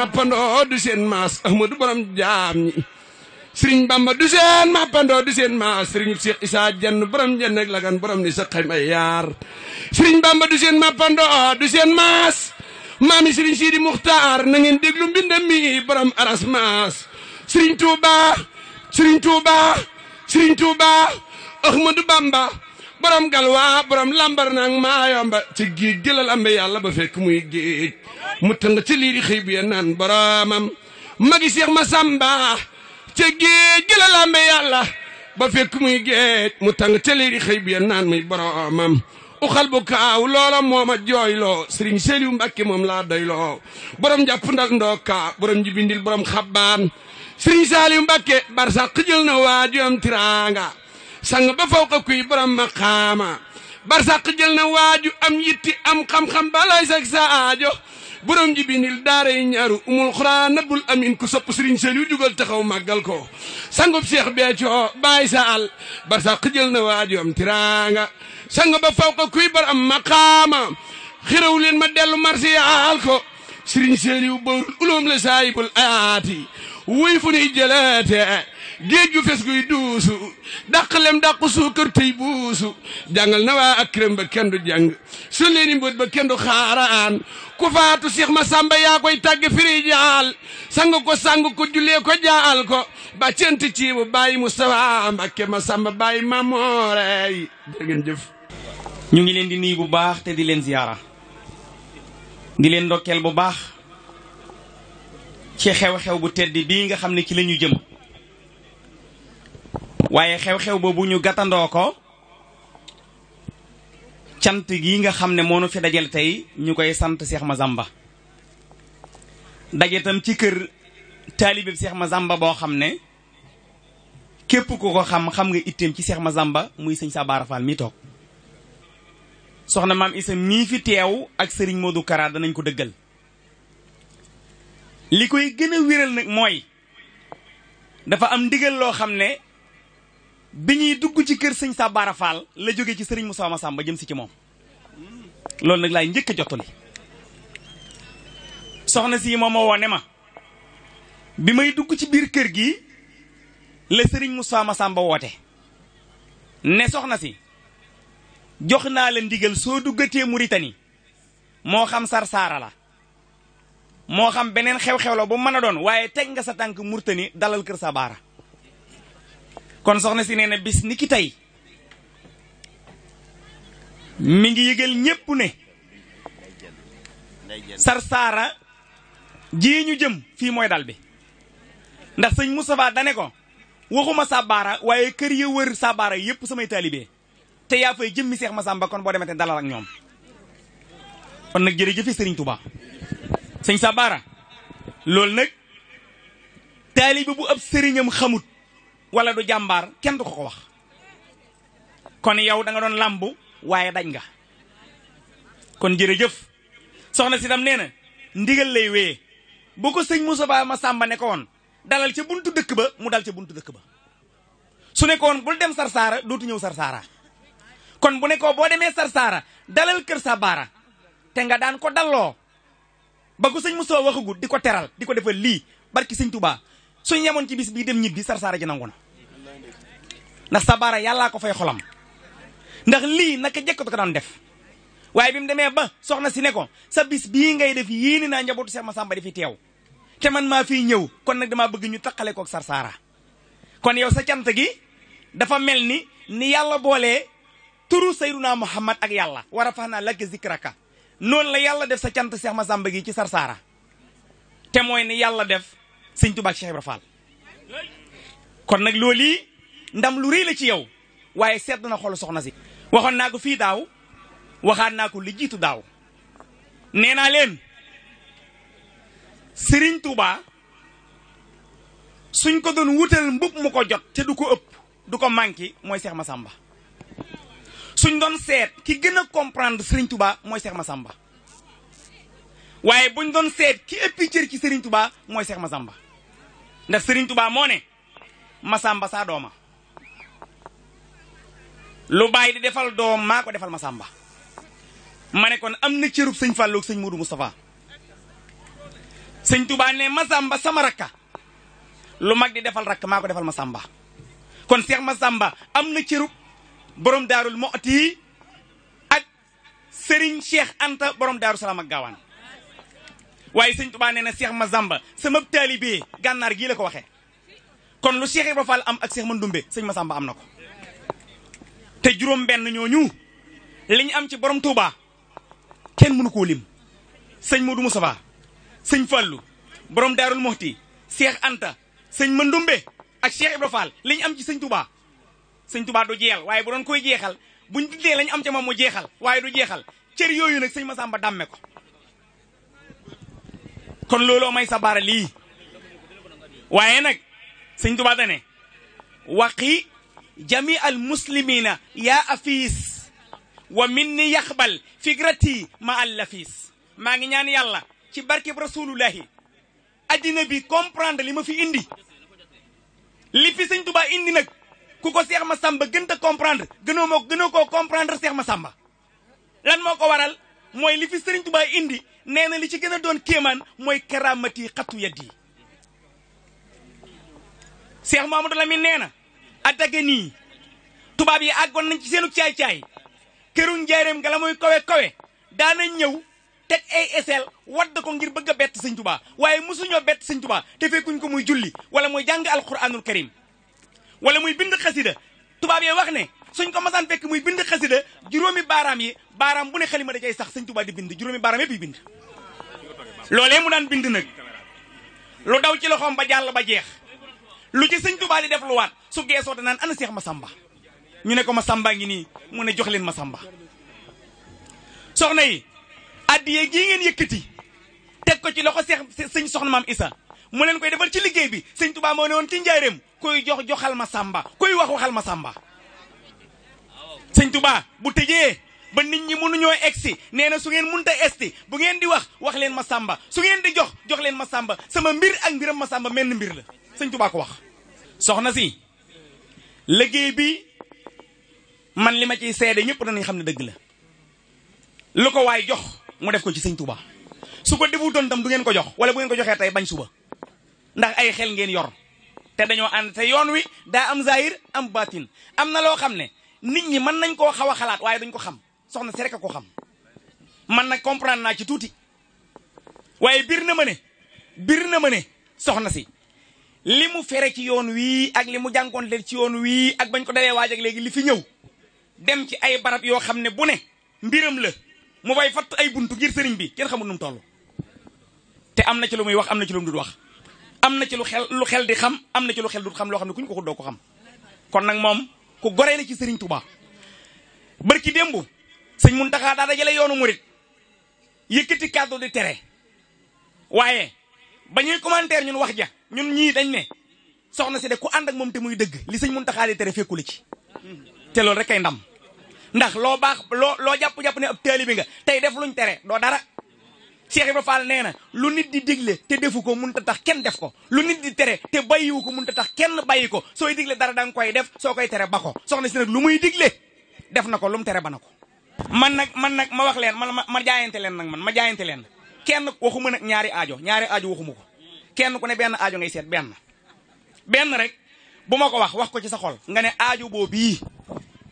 mappandoo du seen maas Ahmadu Bamba du seen mappandoo du seen maas sëriñ Cheikh sa xayma yaar sëriñ Bamba du seen mappandoo du seen maas maami sëriñ Sidi Muxtaar na ngeen déglu mbindam mi borom aras maas sëriñ Touba sëriñ Touba sëriñ Touba Ahmadu Bamba borom galwaa borom lambar nag maa yomba ci géej gi la lambe ba fekk muy géej mu tënk ci lii di xëy bi naan boromam magi seex ma samba ci géej gi ba fekk muy géej mu tënk ci lii di xëy muy boromam uxal bu kaaw loola mooma jooyloo sëriñ Seliou Mbacke moom laa doyloo borom jàpp ndal ndooka borom jibindil borom xabbaan sëriñ Saliou Mbacke barsàq jël na waajoom tiraanga sang ba fawqa kuy borom maqaama barsàq jël na waaju am yitti am xam-xam balay sag sa aajo borom ji bindil daara yi ñaaru umul xuraan nabul amin ku sopp sëriñ Saliou jugal taxaw màggal ko sangub Cheikh Béthio bàyyi sa al barsàq jël na waaju am tiraanga sang ba fawqa kuy borom maqaama xiraw leen ma dellu marché yaal ko sëriñ Saliou bawrul uloom la saayibul ayaati wuy fu nuy jëlaate géej gu fes guy duusu dàq lem dàqu suukar tey buusu jàngal na waa ak këram ba kenn du jàng su leeni ba kenn du xaaraan ku faatu Seex Masamba yaa koy tàgg firi jaal ko sang ko julee ko jaal ko ba cent ciibu bàyyi Moustapha Mbakke Masamba bàyyi Mamoore jërë ngeen ñu ngi leen di nuyu bu baax te di leen ziyaara di leen ndokkeel bu baax ci xew-xew bu tedd bii nga xam ne ci la ñu jëm waaye xew-xew boobu ñu gàttandoo ko cant gi nga xam ne moo nu fi dajale tey ñu koy sant seex ma daje dajatam ci kër taalibeeb ma Massamba boo xam ne képp ku ko xam xam nga itteem ci seex ma Massamba muy sëñ Sabara Fall mi toog soxna maam Issa mii fi teew ak sëriñ du Kara danañ ko dëggal li koy gën a wéral nag mooy dafa am ndigal loo xam ne bi ñuy dugg ci kër sëñ Sabara Fall la jóge ci sëriñ mu Moussa Massamba jëm si ci moom loolu nag laay njëkk a jottali soxna si moom ma woone ma bi may dugg ci biir kër gi la sëriñ mu Moussa sàmba woote ne soxna si jox naa la ndigal soo duggatee Mauritanie moo xam sar saara la moo xam beneen xew-xew la bu mën a doon waaye teg nga sa tànk Mauritanie dalal kër Sabara kon soxna si nee na bis ni ki tey mi ngi yëgal ñépp ne sarsaara jii ñu jëm fii mooy dal bi ndax sëñ Moustapha dane ko waxuma Sabara waaye kër ya wër Sabara yépp samay taalibe te yaa fay jëmmi Seex Masamba kon boo demee dalal ñoom kon nag jërëjëfe sëriñ Touba sëñ Sabara loolu nag taalibe bu ab sëriñam xamut wala du jàmbaar kenn du ko ko wax kon yow danga doon làmbu waaye dañ nga kon jërëjëf soxna si tam nee na ndigal lay wéyee bu ko sëñ Moussa Ba ma sàmba ne woon dalal ca buntu dëkk ba mu dal ca buntu dëkk ba su nekkoon bul dem sarsaara dootu ñëw sarsaara kon bu nekkoo boo demee sarsaara dalal kër sa baara te nga daan ko dalloo ba ko sëñ Moussa waxagut di ko teral di ko defal lii barki sëñ Touba suñ yemoon ci bis bii dem ñibbi sarsaara ji nangu na ndax sabaara yàllaa ko fay xolam ndax lii naka jëkkatu ko daan def waaye bi demee ba soxna si ne sa bis bii ngay def yéene naa njabootu Seex Masamba di fi teew te man maa fi ñëw kon nag damaa bëgg ñu taqale kook sarsaara kon yow sa cant gi dafa mel ni ni yàlla boolee turu sayyiduna Muhammad ak yàlla wara a fax naa lakk zikraka noonu la yàlla def sa cant Seex Masamba gi ci sarsaara te mooy ni yàlla def sëñ Tuubaa Cheikh Ibra Fall kon nag looli ndam lu rëy la ci yow waaye seet na xol soxna si waxoon naa ko fii daaw waxaat naa ko li jiitu daaw nee naa leen sëriñ Tuubaa suñ ko doon wutal mbub mu ko jot te du ko ëpp du ko manqué mooy Seex ma Masamba suñ doon seet ki gën comprendre sëriñ Tuubaa mooy Seex ma samba waaye buñ doon seet ki ëppi cër ci Serigne Touba mooy Cheikh Massamba ndax Serigne Touba moo ne Massamba saa dooma lu bàyyi di defal doom maa ko defal Massamba ma ne kon am na cërub sëñ Fallou ak sëñ Modou Moustapha sëñ Touba ne Massamba sama rakka lu mag di defal rakk maa ko defal Massamba kon Cheikh Massamba am na cërub borom daarul Moti ak Serigne Cheikh Anta borom daaru Salaam ak Gaawaan. waaye sëñ Tuubaa nee na Cheikh Massamba sama taalibe gànnaar gii la ko waxee kon lu Cheikh Ibra Fall am ak Cheikh Mandoumbe sëñ ma Massamba am na ko te juróom benn ñooñu li ñu am ci borom Touba kenn mënu koo lim sëñ Modou Moustapha sëñ fallu borom Daarul Muxti Cheikh Anta sëñ ndumbe ak Cheikh Ibra Fall li ñu am ci sëñ Touba sëñ Touba du jeexal waaye bu doon koy jeexal buñ tuddee la ñu am ca ma mu jeexal waaye du jeexal cër yooyu nag sëñ Massamba dàmme ko kon looloo may sa lii waaye nag sëñ Tuubaa dane waqi jami al muslimina yaa afiis wa minni yaxbal fikrati ma al lafiis maa ngi ñaan yàlla ci barkeb rasulullahi addina bi comprendre li ma fi indi li fi sëñ Tuubaa indi nag ku ko Seex Masamba gën a comprendre gënoo moo gënoo koo comprendre Seex Masamba lan moo ko waral mooy li fi sëriñ indi nee na li ci gën a doon kéemaan mooy karaamati xatu yaddi yi Cheikh Mouhamadou Lamine nee na attaqué nii tubaab yi àggoon nañ ci seenu caay-caay këru njaareem nga la muy kawe-kawe daana ñëw teg ay eseel wadd ko ngir bëgg a bett sëñ tubaa waaye mosuñoo bett sëñ tubaa te fekkuñ ko muy julli wala muy jàng alquranul karim wala muy bind xasida tubaab yi wax ne suñ ko masaan fekk muy bind xasida juróomi baaraam yi baaram bu ne xalima da cay sax sëñ Tuubaa di bind juróomi baaraam yëpp yi bind loolee mu daan bind nag lu daw ci loxoom ba jàll ba jeex lu ci sëñ Tuubaa def lu waat su geesoo da naan ana seex samba ñu ne ko Masamba ngi nii mu ne jox leen Masamba soxna yi addiye gii ngeen yëkkati teg ko ci loxo seex sëñ soxna maam Isa mu leen koy defal ci liggéey bi sëñ Tuubaa moo ne woon ci njaareem koy jox joxal Masamba koy wax waxal Masamba sëñ Touba bu tëjee ba nit ñi mënuñoo egsi nee na su ngeen munta esti bu ngeen di wax wax leen ma sàmba su ngeen di jox jox leen ma sàmba sama mbir ak mbiram ma sàmba menn mbir la sëñ Touba ko wax. soxna si liggéey bi man li ma ciy seede ñëpp danañ xam ne dëgg la lu ko waay jox mu def ko ci sëñ Touba su ko defutoon tam du ngeen ko jox wala bu ngeen ko joxee tey bañ suba ndax ay xel ngeen yor te dañoo ànd te yoon wi daa am zahir am batin am na loo xam ne. nit ñi mën nañ koo xaw a xalaat waaye duñ ko xam soxna si rek ko xam man nag comprendre naa ci tuuti waaye bir na ma ne bir na ma ne soxna si limu mu fere ci yoon wii ak li mu jànkoonte ci yoon wii ak bañ ko dalee waaj ak léegi li fi ñëw dem ci ay barat yoo xam ne bu ne mbiram la mu bay fatt ay buntu ngir sëriñ bi kenn xamul nu mu toll te am na ci lu muy wax am na ci lu mu wax am na ci lu xel lu xel di xam am na ci lu xel du xam loo xam ne kuñ ko ko doo ko xam kon nag moom ku goree la ci Serigne Touba barki démb sëñ Mountakha daa jële yoonu murit yëkkati kàddu di tere waaye ba ñuy commentaire ñun wax ja ñun ñii dañ ne soxna si de ku ànd ak moom te muy dëgg li sëñ mun di tere fekkul ci te loolu rek ay ndam ndax loo baax loo loo jàpp-jàpp ne ab taalibe nga tey def luñ tere doo dara Cheikh Ibra Fall nee na lu nit di digle te defu ko mënut a tax kenn def ko lu nit di tere te bàyyiwu ko mënut a tax kenn bàyyi ko sooy digle dara da koy def soo koy tere ba ko soxna si nag lu muy digle def na ko lu mu tere ba na ko. man nag man nag ma wax leen man ma ma jaayante leen nag man ma jaayante leen kenn waxuma nag ñaari aajo ñaari aajo waxuma ko kenn ku ne benn aajo ngay seet benn benn rek bu ma ko wax wax ko ci sa xol. nga ne aajo boobu bii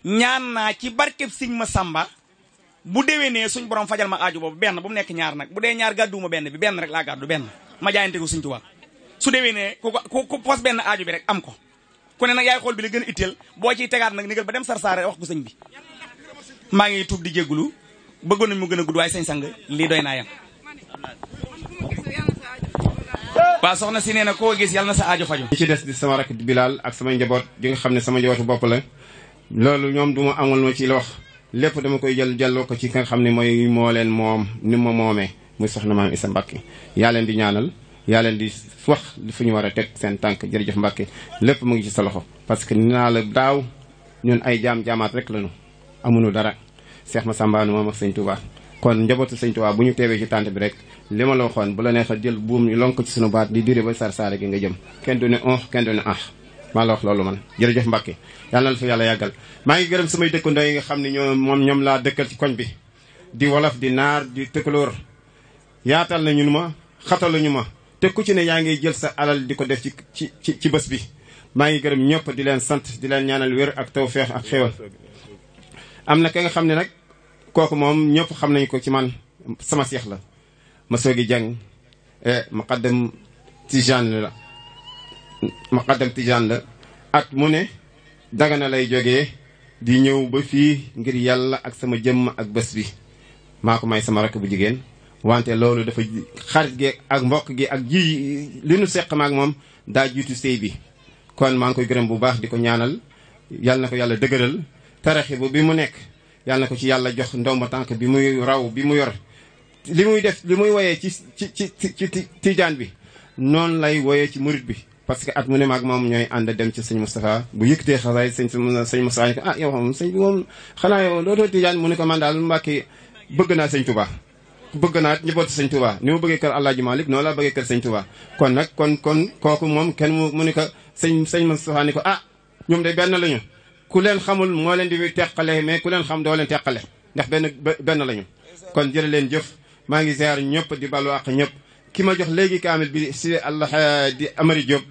ñaan naa ci barkeb ma samba bu nee suñ borom fajal ma aaju boobu benn bu mu nekk ñaar nag bu dee ñaar gàdduwuma benn bi benn rek laa gàddu benn ma jaayante ko suñ tubaab su déwénee nee ko ku pos benn aaju bi rek am ko ku ne xool bi la gën a itteel boo ciy tegaat nag nigal ba dem sarsaare wax ko sëñ bi maa ngi tuub di jéggulu bëggoon nañ mu gën a gudd waaye sëñ sang lii doy naa yem soxna si nee na koo gis yàlla na sa ajo faju li ci des di sama rakk bilaal ak sama njaboot gi nga xam ne sama njabootu bopp la loolu ñoom du duma amul ma ci la wax lépp dama koy jël jëloo ko ci ki nga xam ne mooy moo leen moom ni ma moomee muy soxna maam Isa Mbàkke yaa leen di ñaanal yaa leen di wax fu ñu war a teg seen tànk jërëjëf Mbàkke lépp mu ngi ci sa loxo parce que naa la daaw ñun ay jaam jaamaat rek lañu amuñu dara Seex Masamba moom ak sëñ Tuubaa kon njabootu sëñ Tuubaa bu ñu teewee ci tànt bi rek li ma la waxoon bu la neexee jël buum ñu lonk ci sunu baat di diri ba sar saare gi nga jëm kenn du ne on maa la wax loolu man jërëjëf Mbacke yàlla na fa yàlla yàggal maa ngi gërëm samay dëkkandoo yi nga xam ne ñoo moom ñoom laa dëkkal ci koñ bi di wolof di naar di tëkkalóor yaatal na ñun ma xataluñu ma te ku ci ne yaa ngi jël sa alal di ko def ci ci ci ci bés bi maa ngi gërëm ñëpp di leen sant di leen ñaanal wér ak feex ak xéwal am na ka nga xam ne nag kooku moom ñëpp xam nañ ko ci man sama seex la ma soogi jàng eh, muqaddam tijaan la maqaddam tijaan la at mu ne dagana lay jóge di ñëw ba fii ngir yàlla ak sama jëmm ak bés bi maa ko may sama rakk bu jigéen wante loolu dafa xarit gi ak mbokk gi ak ji li nu seq maak moom daa jiitu sëy bi kon maa ngi koy gërëm bu baax di ko ñaanal yàlla na ko yàlla dëgëral taraxibu bi mu nekk yàlla na ko ci yàlla jox ma tànk bi muy raw bi mu yor li muy def li muy woyee ci ci ci ci tijaan bi noonu lay woyee ci murit bi parce que at mu ne maag moom ñooy ànd dem ci sëñ Moustapha bu yëkkatee xasaay sëñ sëñ ne ko ah yow xam sëñ bi moom xanaa yow dootoo tijaan mu ne man daal Mbàkke bëgg naa sëñ Touba bëgg naa njabootu sëñ Touba ni ma bëggee kër Alaaji Malick noonu laa bëggee kër kon kon kon kooku moom kenn mu ne ko sëñ sëñ Moustapha ne ko ah ñoom de benn lañu ku leen xamul moo leen di teqale mais ku leen xam doo leen teqale ndax benn benn lañu kon jërë leen jëf maa ngi ziar ñëpp di balu ak ñëpp ki ma jox léegi kaamil bi si Allah di Amari Diop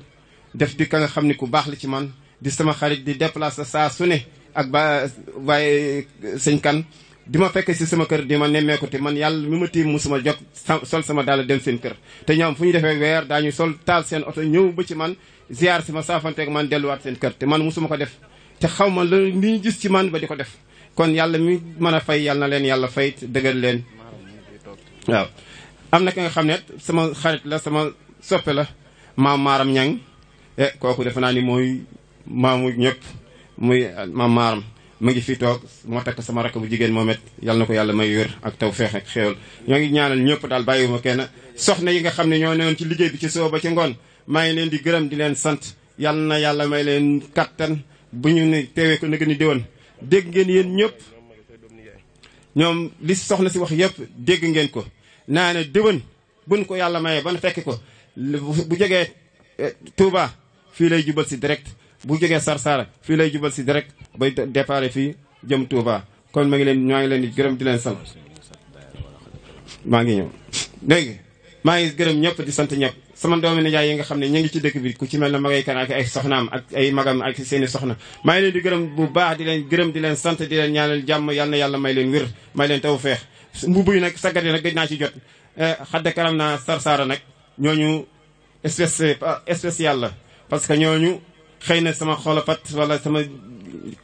def di ka nga xam ni ku baax la ci man di sama xarit di sa saa su ne ak ba waaye sëñ kan di ma fekk si sama kër di ma nemmeeku te man yàlla mi ma tiim musuma jog sol sama daal dem seen kër te ñoom fu ñu defee weer daañu sol taal seen oto ñëw ba ci man ziar si ma man delluwaat seen kër te man musuma ko def te xaw ma la ñu gis ci man ba di ko def kon yàlla mi man a fay yàlla na leen yàlla fay dëgër leen waaw am na ki nga xam ne sama xarit la sama soppe la maam maaram ñang eh kooku defe naa ni mooy maamu ñëpp muy eh, maam maaram mu ngi fi toog moo takk sama rakk bu jigéen moom it yal na ko yàlla may wér ak taw feex ak xéewal ñoo ngi ñaanal ñëpp daal bàyyiwuma kenn soxna yi nga xam ne ñoo newoon ci liggéey bi ci soo ba ci ngoon maa ngi leen di gërëm di leen sant yal na yàlla may leen kattan bu ñu ne teewee ko na gën a déwén dégg ngeen yéen ñëpp ñoom li soxna si wax yëpp dégg ngeen ko naa ne déwén buñ ko yàlla mayee ban fekk ko bu jegee eh, Touba fii lay jubal si direct bu jógee Sarsara fii lay jubal si direct bay déparé fii jëm Touba kon ma leen ñaa ngi leen di gërëm di leen sant maa ngi ñëw léegi maa ngi gërëm ñëpp di sant ñëpp sama doomi nijaay yi nga xam ne ñu ngi ci dëkk bi ku ci mel ne magay kan ak ay soxnaam ak ay soxna maa ngi leen di gërëm bu baax di leen gërëm di leen sant di leen ñaanal jàmm yal na yàlla may leen wér may leen taw feex mbubb yi nag sagat yi nag gëj naa ci jot eh, xadde karam naa sarsaara nag ñooñu espèce euh, spécial la parce que ñooñu xëy na sama xolofat wala sama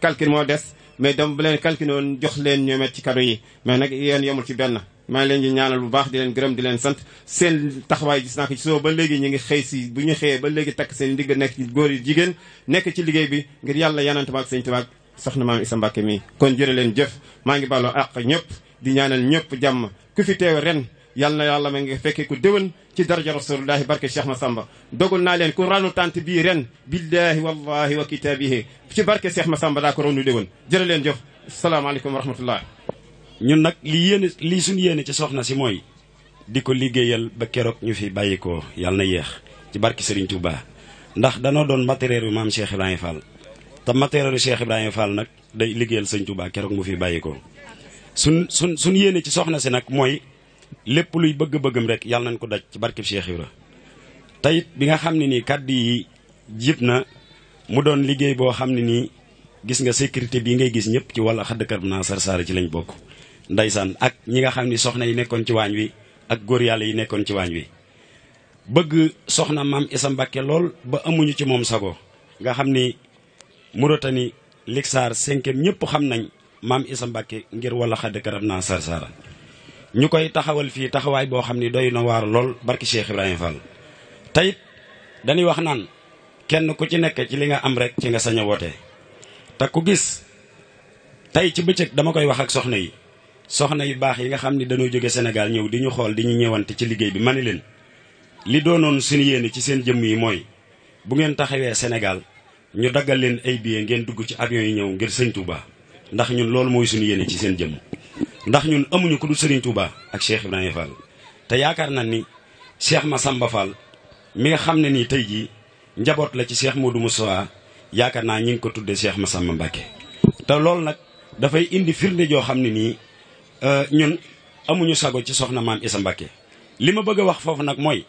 calcul moo des mais dem ba leen calculé woon jox leen ñoomet ci kadu yi mais nag yéen yemul ci benn maa leen di ñaanal bu baax di leen gërëm di leen sant seen taxawaay gis naa ci soo ba léegi ñu ngi xëy si bu ñu xëyee ba léegi takk seen digg nekk ci góor yi jigéen nekk ci liggéey bi ngir yàlla yanante ma ak sëñ Tuubaa soxna maam Isa Mbàkke mii kon jërë leen jëf maa ngi balloo àq ñëpp di ñaanal ñëpp jàmm ku fi teew ren yal na yàlla ma ngi fekke ko déwén ci daraja rasulullahi barke Cheikh Massamba dogul naa leen ku ranu tant bii ren billahi wallahi wa kitaabihi ci barke ma Massamba daa ko ronu déwén jërë leen jëf salaamaaleykum wa rahmatullah ñun nag li yéene li suñu yéene ci soxna si mooy di ko liggéeyal ba keroog ñu fi bàyyi ko yàlla na yéex ci barke Serigne Touba ndax danoo doon matériel yu maam Cheikh Ibrahima Fall te matériel yu Cheikh Ibrahima nag day liggéeyal Serigne Touba keroog mu fi bàyyi ko sun sun soxna si nag mooy lépp luy bëgg-bëggam rek yàlla nañ ko daj ci barkeb Cheikh Ibra tayit bi nga xam ne nii kàddu yi jib na mu doon liggéey boo xam ne ni gis nga sécurité bii ngay gis ñëpp ci wala xaddakar bu naa sar ci lañ bokk ndaysaan ak ñi nga xam ni soxna yi nekkoon ci waañ wi ak góor yàlla yi nekkoon ci waañ wi bëgg soxna maam Isa Mbàkke lool ba amuñu ci moom sago nga xam ni Murotani Lixaar cinquième ñëpp xam nañ maam Isa Mbàkke ngir wala xaddakaram naa sar ñu koy taxawal fii taxawaay boo xam ni doy na waar lool barki Cheikh Ibrahima fal teyit dañuy wax naan kenn ku ci nekk ci li nga am rek ci nga sañ woote te ku gis tey ci bëccëg dama koy wax ak soxna yi soxna yu baax yi nga xam ni dañoo jóge Sénégal ñëw di ñu xool di ñu ñëwante ci liggéey bi ma ni leen li doonoon suñu yéene ci seen jëmm yi mooy bu ngeen taxawee Sénégal ñu daggal leen ay billets ngeen dugg ci avion yi ñëw ngir sëñ Touba ndax ñu loolu mooy suñu yéene ci seen jëmm ndax ñun amuñu ku dul Serigne Touba ak Cheikh Ibrahima Fall te yaakaar na ni Cheikh Massamba Fall mi nga xam ne nii tey jii njaboot la ci du Modou Moussa yaakaar naa ñi ngi ko tuddee Cheikh Massamba Mbacké te loolu nag dafay indi firnde joo xam ne nii euh, ñun amuñu sago ci soxna maam Issa Mbacké li ma bëgg a wax foofu nag mooy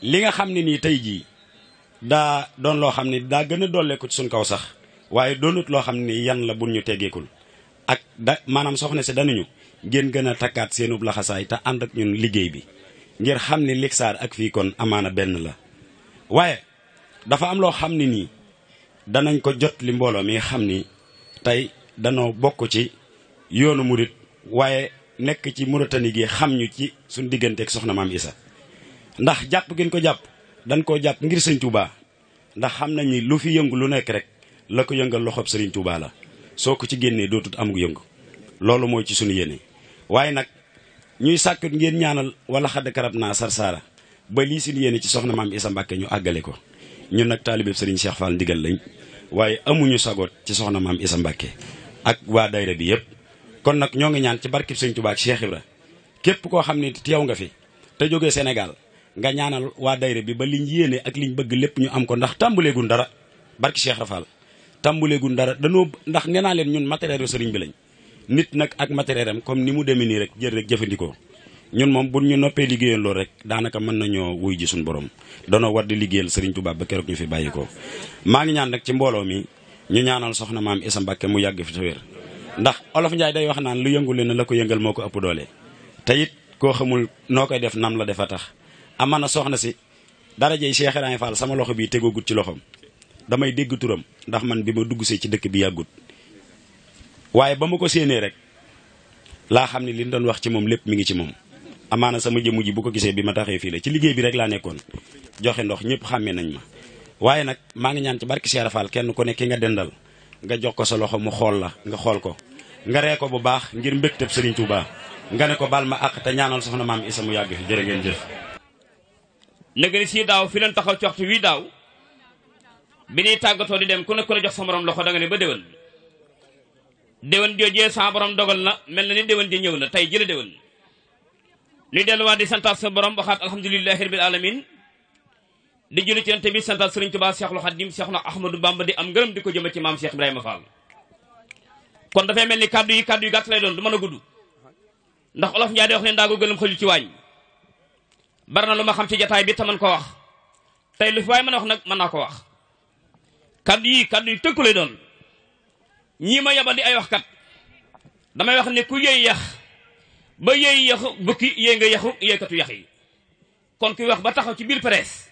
li nga xam ne nii tey jii daa doon loo xam ne daa gën a dolleeku ci suñ kaw sax waaye doonut loo xam ne yan la buñ ñu teggeekul ak da maanaam soxna si danuñu ngeen gën a takkaat seenub laxasaay te ànd ak ñun liggéey bi ngir xam ne Lixaar ak fii kon amaana benn la waaye dafa am loo xam ne nii danañ ko jot li mbooloo mi xam ni tey danoo bokk ci yoonu murit waaye nekk ci Muritani gi xam ñu ci suñ digganteek ak soxna maam Isa ndax jàpp gën ko jàpp dañ koo jàpp ngir sëñ Touba ndax xam nañ lu fi yëngu lu nekk rek la ko yëngal loxob sëriñ Touba la soo ko ci génnee dootut amuk yëngu loolu mooy ci suñu yéene waaye nag ñuy sàkkut ngeen ñaanal wala xadd karab naa ba lii suñu yéene ci soxna maam Isa Mbàkke ñu àggale ko ñun nag taalibeeb Serigne Cheikh Fall ndigal lañ waaye amuñu sagoot ci soxna maam Isa Mbàkke ak waa dayra bi yëpp kon nag ñoo ngi ñaan ci barkib Sëñ Tuubaa ak Cheikh Ibra képp koo xam ne teew nga fi te jógee Sénégal nga ñaanal waa dayra bi ba liñ yéene ak liñ bëgg lépp ñu am ko ndax tàmbuleegun dara barki Cheikh Rafal tàmbuleegun dara danoo ndax nee leen ñun matériel sëriñ bi lañ nit nag ak matériel am comme ni mu demee nii rek jël rek jëfandikoo ñun moom bu ñu noppee liggéeyal loolu rek daanaka mën nañoo wuy ji suñu borom danoo war di liggéeyal Serigne tubaab ba keroog ñu fi bàyyi ko. maa ngi ñaan nag ci mbooloo mi ñu ñaanal soxna maam Issa Mbacke mu yàgg fi te wér ndax olof Ndiaye day wax naan lu yëngu leen la ko yëngal moo ko ëpp doole teyit it koo xamul noo koy def nam la def a tax na soxna si dara jëy Cheikh Ibrahima Fall sama loxo bii tegoogut ci loxoom damay dégg turam ndax man bi ma dugg see ci dëkk bi yàggut. waaye ba ma ko séenee rek laa xam ne li ñu doon wax ci moom lépp mu ngi ci moom amaana sama jëmm ji bu ko gisee bi ma taxee fii la ci liggéey bi rek laa nekkoon joxe ndox ñëpp xàmmee nañ ma waaye nag maa ngi ñaan ci barki Cheikh Fall kenn ku ne ki nga dendal nga jox ko sa loxo mu xool la nga xool ko nga ree ko bu baax ngir mbégteb Serigne Touba nga ne ko bal ma àq te ñaanal soxna maam Issa mu yàgg fi jërë ngeen jëf nëgëri si daaw fi leen taxaw ci waxtu di dem ku ne ku ne déwén joojee sa borom dogal na mel na ni déwén ji ñëw na tey jële déwén li delluwaat di santaat sa borom waxaat alhamdulilahi rabil alamin di julli ci yonent bi santaat sëriñ Tuubaa Seexul Xadiim Seexuna Ahmadu Bamba di am ngërëm di ko jëme ci maam Cheikh Ibrahima Fall kon dafay mel ni kàddu yi kàddu yu gàtt lay doon du mën a gudd ndax olof Njaay di wax ne ndaa ko gëlëm xëju ci waañ bari na lu ma xam ci jataay bi te man ko wax tey lu fi waaye mën a wax nag mën naa ko wax yi kàddu yu doon ñii ma yabal di ay waxkat damay wax ne ku yëy yax ba yëy yaxu bukki yëy nga yaxu yëykatu yax yi kon kuy wax ba taxaw ci biir presse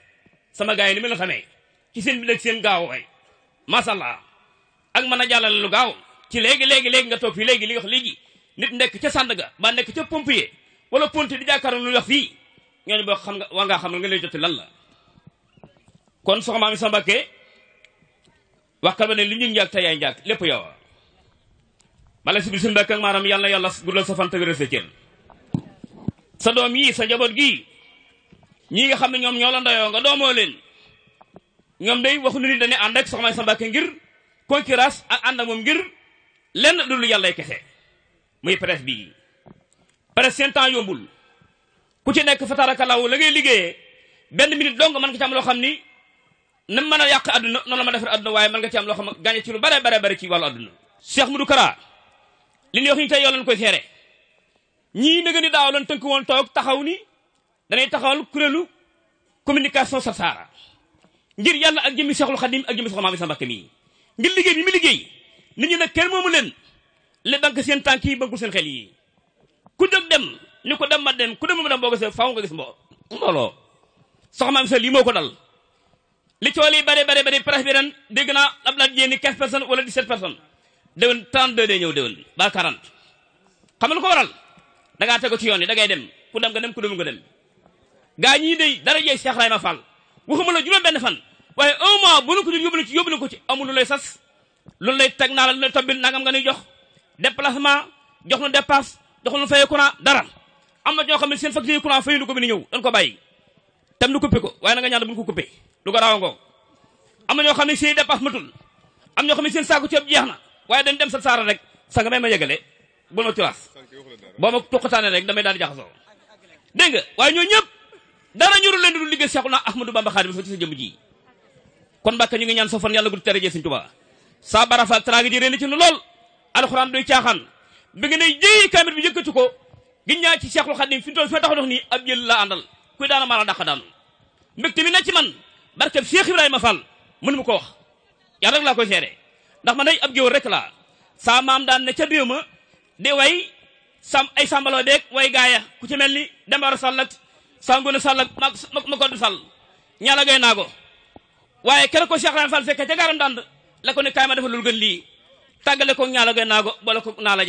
sama gars yi ni mu la xamee ci seen bi ak seen gaawaay macha allah ak man a jàllale lu gaaw ci léegi léegi léegi nga toog fii léegi li yax wax léegi nit nekk ca Sandaga ba nekk ca pompier wala ponti di jàkkaarloo lu wax fii ñooñu boo xam nga waa ngaa xam nga lay joti lan la kon soxna Mamy Samba wax ka ba ne li ñu njaag te lépp yow mala si bi suñu bekk ak yàlla yàlla guddal sa fanta wéral sa cër sa doom yii sa njaboot gi ñii nga xam ne ñoom ñoo la ndayoo nga doomoo leen ñoom day waxuñu ni dañuy ànd ak soxna sa Mbàkke ngir concurrence ak ànd ak moom ngir lenn du yàlla yàllay kese muy presse bii presse seen temps yombul ku ci nekk fa tarakalaw la ngay liggéeyee benn minute dong mën nga ci loo xam ni nan mën a yàq adduna noonu la ma defar adduna waaye mën nga ci loo xam gàñe a lu bare bare bare ci wàllu adduna Cheikh Modou Kara li ñu wax ñu tey yoo koy seere ñii nëgë ni daaw leen tënk woon toog taxaw ni danay taxawal kuréelu communication Sarsara ngir yàlla ak jëmmi Cheikhul Khadim ak jëmmi Soxna Maam Isa Mbakke mii ngir liggéey bi mu liggéey nit ñi nag kenn moomu leen le banque seen tànk yi bankul seen xel yi ku jóg dem ni ko dem ma dem ku dem ma dem boo gisee faaw nga Soxna Maam lii moo ko dal li cool yi bare bari bare presse bi ren dégg na ab laaj jéeni quinze personnes wala dix-sept personnes déwén trente-deux day ñëw déwén ba quarante xam lu ko waral da ngaa tegu ci yoon yi da ngay dem ku dem nga dem ku dem nga dem ga ñii day dara jeey Cheikh Rayma Fall waxuma la juróom benn fan waaye un mois bu nu ko ko ci amul lu lay sas loolu lay teg naa la lu lay tobbil nangam nga nuy jox déplacement jox nu dépasse jox nu faye courant dara am na ñoo xam ne seen facture courant fayu ko bi ni ñëw dañ ko bàyyi tam lu coupé ko waaye na nga ñaan bu ñu ko coupé ko am na ñoo xam ne seen dépasse matul am ñoo xam ne seen saako ceeb jeex na waaye dañ dem sa saara rek sa nga may ma yegale bu ma tilaas boo ma tuqataane rek damay daal di jaxasoo dégg nga waaye ñoo ñëpp dara ñorul leen du liggéey Seexuna Ahmadu Bamba Xaadim ji kon Mbàkke ñu ngi ñaan sa fan yàlla gudd tere jee Sëñ Tuubaa saa barafa teraanga ji réeli ci nu lool alxuraan doy caaxaan bi nga ne jéyi kaamil bi yëkkati ko gin ñaa ci Seexul Xaadim fi fi ma tax dox nii ab jël la àndal kuy daana maa la dàq daanu mbégte mi ne ci man barkeb Cheikh Ibrahima Fall mënu ma ko wax yàlla la ko koy seere ndax man day ab géwél rek laa saa maam daan ne ca réew ma di way sam ay sàmbaloo deeg way gaaya ku ci mel ni dembaaro sàll ak sangone sàll ak ma ma ko du sàll ñaala gay naa ko waaye kenn ko Cheikh Ibrahima Fall fekke ca gaaram dand la ko ne kaay ma defal lu gën lii tàggale ko ñaala gay naa boole ko naa la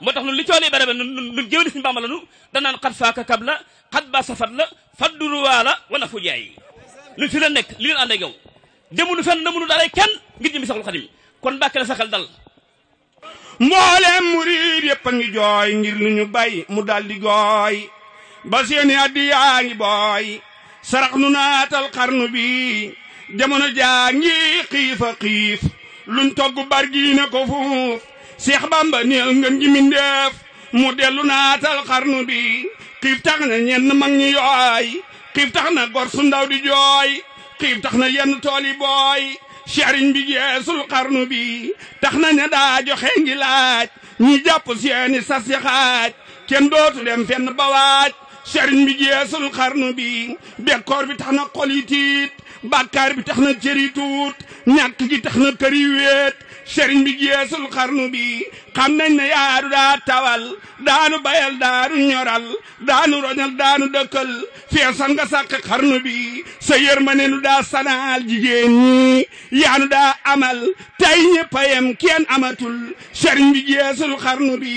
moo tax nun li cool yi bare ba nun nun géwéli suñu bàmba la nu danaan xat faaka kab la xat ba safat la fadduruwaa la wana fu jaay nun fi la nekk li leen ànd ak yow demunu fenn namunu dara kenn ngir jëmi xadim kon bàkke la saxal dal mboolem murid yëpp a ngi jooy ngir lu ñu mu dal di gooy ba seeni booy sarax nu naatal xarnu bi jamono jaa ngi xiif a xiif luñ togg bargi na ko fuuf seex bamba neel ngeen ji mindeef mu dellu naatal xarnu bi xiif tax na ñenn mag ñi yooy xiif tax na gor su ndaw di jooy xiif tax na yenn tool yi booy sëriñ bi jeesul xarnu bi tax na ña daa joxe ngi laaj ñi jàpp seeni sas yi kenn dootu dem fenn ba waaj sëriñ bi jeesul xarnu bi bekkoor bi tax na xol yi tiit bàkkaar bi tax na cëri tuut ñàkk gi tax na kër yi weet sëriñ bi jeesul xarnu bi xam nañ ne yaaru daa tawal daanu bayal daanu ñoral daanu roñal daanu dëkkal feesan nga sàkk xarnu bi sa yërmande nu daa sanaal jigéen ñi yaanu daa amal tey ñëpp a yem kenn amatul sëriñ bi jeesul xarnu bi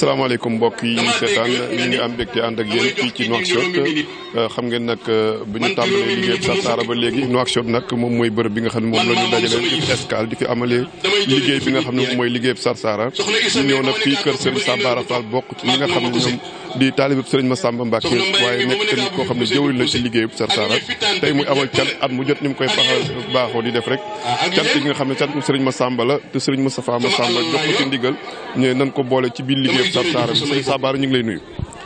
salaamaaleykum mbokk yi seetaan ñu ngi am mbégte ànd ak yéen fii ci Nouakchott euh, xam ngeen nag euh, bu ñu tàmbalee liggéey Sarsara ba léegi Nouakchott nag moom mooy bërëb bi nga xam ne moom la ñu dajale di fi escale di fi amale liggéey bi nga xam ne moom mooy liggéey Sarsara ñu ñëw nag fii kër Serigne Sabara Fall bokk ci nga xam ne ñoom di taalibe sëriñ Massamba Mbacke waaye nekk tamit koo xam ne jëwriñ la ci liggéeyub Sarsara tey muy amal cant at mu jot ni mu koy baax baaxoo di def rek ah, cant yi nga xam ne cantum sëriñ Massamba la te sëriñ ma Massamba jox ko ci ndigal ñu nan ko boole ci biir liggéeyub Sarsara sëriñ Sabara ñu ngi lay nuyu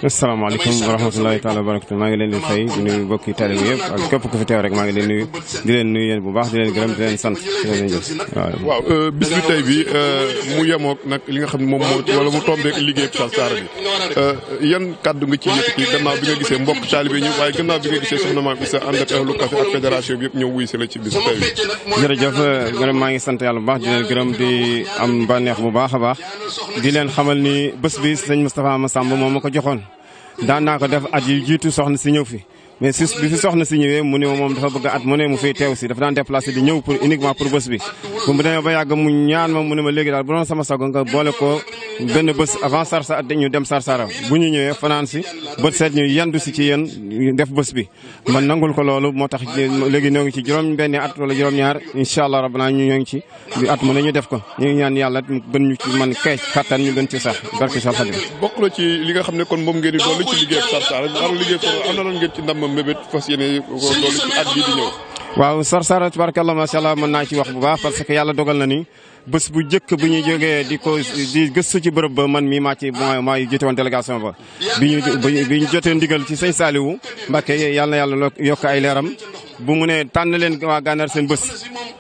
asalaamaaleykum wa rahmatulahi taala wa barakatu maa ngi leen di fay di nuyu mbokki taalibe yëpp ak képp ku fi teew rek maa leen nuyu bu baax di leen gërëm di leen sant di leen euh, bi tey bi euh, mu yemook nag li nga xam ne moom moo wala mu tombeek liggéey Sarsara bi euh, yan kaddu nga ci yëkkati gannaaw bi nga gisee mbokk taalibe ñëw waaye gannaaw bi nga gisee soxna Maam Issa ànd ak ahlu café ak fédération bi yëpp ñëw wuy si la ci bis tey bi jërëjëf maa ngi sant yàlla bu baax di leen gërëm di am bànneex bu baax a baax di leen xamal ni bés bi sëñ Moustapha Massamba moo ma ko joxoon daan naa ko def at jiitu soxna si ñëw fi mais si soxna si ñëwee mu ne moom dafa bëgg at mu ne mu fiy teew si dafa daan déplacé di ñëw pour uniquement pour bés bi bu mu ba yàgg mu ñaan ma mu ne ma léegi daal bu doon sama sago nga boole ko benn bés avant sarsara ñu dem sarsara bu ñu ñëwee fanaan si bët seet ñu yandu si ci yéen def bés bi man nangul ko loolu moo tax léegi ñoo ngi ci juróom benn at ñaar incha allah rabbana ñu ñoo ngi ci at mu ne ñu def ko ñu ngi ñaan yàlla bën ñu ci man kay kattan ñu gën ci sax barki sal li nga xam ne kon moom ngeen di dolli ci liggéey sarsara am na loon ngeen waaw Sarsara tubaarkalla macha allah mën naa ci wax bu baax parce que yàlla dogal na ni bës bu njëkk bu ñu jógee di ko di gëstu ci bërëb ba man mii maa ci maa jiite woon délégation ba. bi ñu bi ñu jotee ndigal ci sëñ Saliou Mbacke yàlla na yàlla yokk ay leeram bu mu ne tànn leen waa gànnaar seen bés.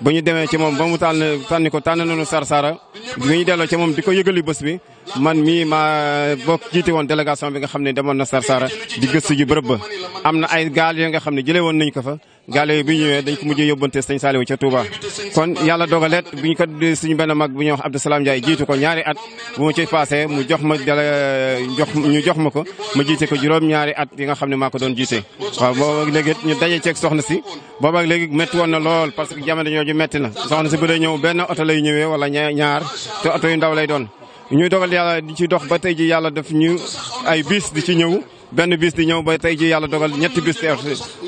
ba ñu demee ci moom ba mu tànn tànn ko tànn nañu Sarsara bi ñu delloo ci moom di ko yëgali bés bi. man mii ma bokk jiite woon délégation bi nga xam ne demoon na Sarsara di gëstu ji bërëb ba am na ay gaal yoo nga xam ne jëlee woon nañ ko fa gaale yi bi ñëwee dañ ko mujjee yóbbante sëñ Saliou ca Touba kon yàlla dogaleet bu ñu ko suñu benn mag bu ñuy wax jiitu ko ñaari at bu ma ci passé mu jox ma dala ñu jox ma ko ma jiite ko juróom-ñaari at yi nga xam ne maa ko doon jiite waaw booba léegi ñu daje ceeg soxna si na lool parce que jamono jooju métti na soxna si bu dee ñëw benn oto lay ñëwee wala ñaar te oto yu ndaw lay doon ñuy dogal yàlla di ci dox ba tey ji yàlla daf ñu ay bis di ci ñëw benn bis di ñëw ba tey ji yàlla dogal ñetti bis teew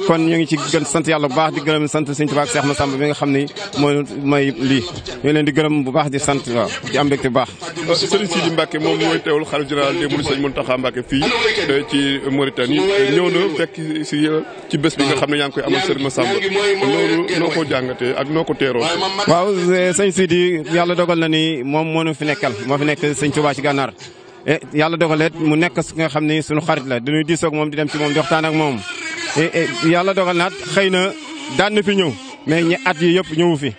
kon ñu ngi ci gën sant yàlla bu baax di gërëm sant sëñ Tuubaa Seex Masamba bi nga xam ne mooy mooy lii ñu leen di gërëm bu baax di sant waaw di am baax sëriñ Sidi Mbacke moom mooy teewul xarit général des Mourides sëñ Mountakha Mbacke fii euh, ci Mauritanie ñëw na fekk si euh, ci bés bi nga xam ne yaa ngi koy amal sëriñ ma loolu noo ko jàngatee ak noo ko teeroo waaw sëñ Sidi yàlla dogal na ni moom moo ñu fi nekkal moo fi nekk sëñ Tuubaa ci gànnaar e yàlla dogalee mu nekk su nga xam ne suñu xarit la dañuy diisoog moom di dem ci moom di waxtaan ak moom eh, eh, yàlla dogal naat xëy na daan na fi ñëw mais ñi at yi yëpp ñëwu fi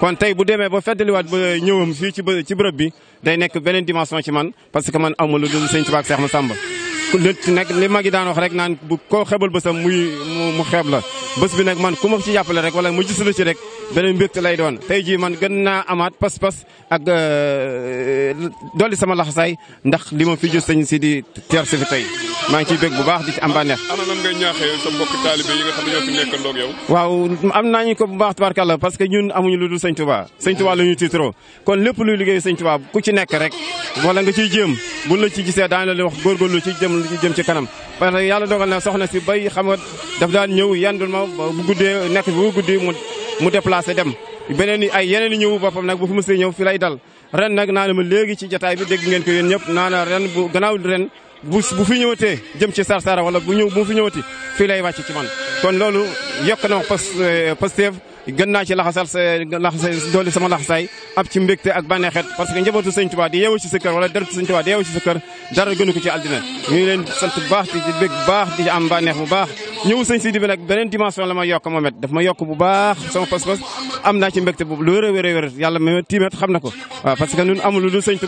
kon tey bu demee ba feddaliwaat ba ñëwam fii ci ci bërëb bi day nekk beneen dimension ci man parce que man amul lu dul sëñ Tuubaa ak Seex Masamba li nag li magi daan wax rek naan bu koo xebal bësam muy mu xeeb la bés bi nag man ku ma ci jàppale rek wala mu gis ci rek beneen mbégte lay doon tey jii man gën naa amaat pas-pas ak euh, dolli sama laxasaay ndax li ma fi ju sëñ si di teer si fi tey maa ngi ciy bég bu baax di ci am ba ana xam ne ñoo fi nekkandoo ak yow. naa ñu ko bu baax tabarkàlla parce que ñun amuñu lu dul sëñ Tuubaa sëñ la ñu tiitaroo kon lépp luy liggéey sëñ Tuubaa ku ci nekk rek wala nga ciy jéem buñ la ci gisee daan la wax góorgóorlu ci jëm lu ci jëm ci kanam parce que yàlla na soxna si bay xam nga daf daan ñëw yandul ma bu guddee nekk bu guddi mu mu déplacé déplacé dem beneen i ay yeneen i ñëwu boppam nag bu fi mos ñëw fi dal ren nag naa ma léegi ci jataay bi dégg ngeen ko yéen ñëpp naa ren bu gannaaw ren bu fi ñëwatee jëm ci Sarsara wala bu ñëw bu fi ñëwati fii lay ci man kon loolu yokk na pas eh, Pastef gën naa ci laxasal sa sama laxasaay ab ci mbégte ak bànneexet parce que njabootu sëñ Tuubaa di yeewu ci sa kër wala deretu sëñ Tuubaa di yeewu ci sa kër dara gënu ci àddina ñu leen sant baax ñëw sëñ Sidi bi nag beneen dimension la ma yokk moom it daf ma yokk bu baax sama pas-pas am naa ci mbégte boobu lu wér a wér a wér yàlla ma tiimet xam na ko waaw parce que ñun amul lu dul sëñ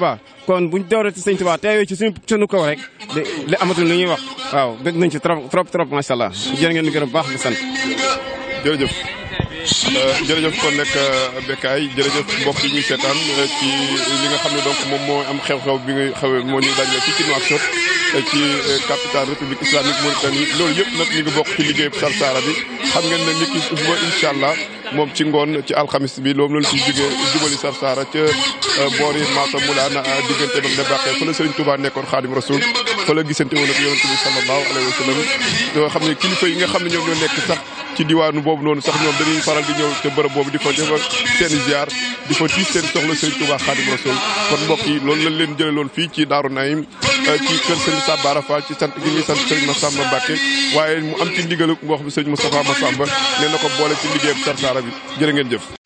kon buñ dooree ci sëñ Tuubaa teewee ci suñu suñu kaw rek li amatul lu ñuy wax waaw bëgg nañ ci trop trop trop macha allah jërë ngeen gërëm bu baax di sant jërëjëf euh, jërëjëf kon nag euh, Bécaye jërëjëf mbokk yi ñuy seetaan euh, ci li nga xam ne donc moom moo am xew-xew bi nga xew moo ñu dajale ci Cino ak Chot ci euh, capitale république islamique Mauritanie loolu yëpp nag ñu ngi bokk ci liggéeyu Sarsara bi xam nga ne nit ki suba incha allah moom ci ngoon ci alxamis bi loolu lañ ci jógee jubali Sarsara ca euh, boori Massa Moulana euh, diggante ba Ndebaqe fa la Serigne Touba nekkoon Xaadim Rasul fa la gisante woon ak yonent bi sallallahu alayhi wa sallam yoo yi nga xam ne ñoom ñoo nekk sax ci diwaanu boobu noonu sax ñoom dañuy faral di ñëw te boobu di fa defar seen ziar di fa tiis seen soxla Serigne Touba Xaadim Rasul kon mbokk yi loolu lañ leen jële loon fii ci Daaru Naim euh, ci kër Serigne Sabara Fall ci sant gi ñuy sant mu am ci ndigalu boo xam Serigne ko boole ci liggéeyam Sarsara arabi jërë ngeen jëf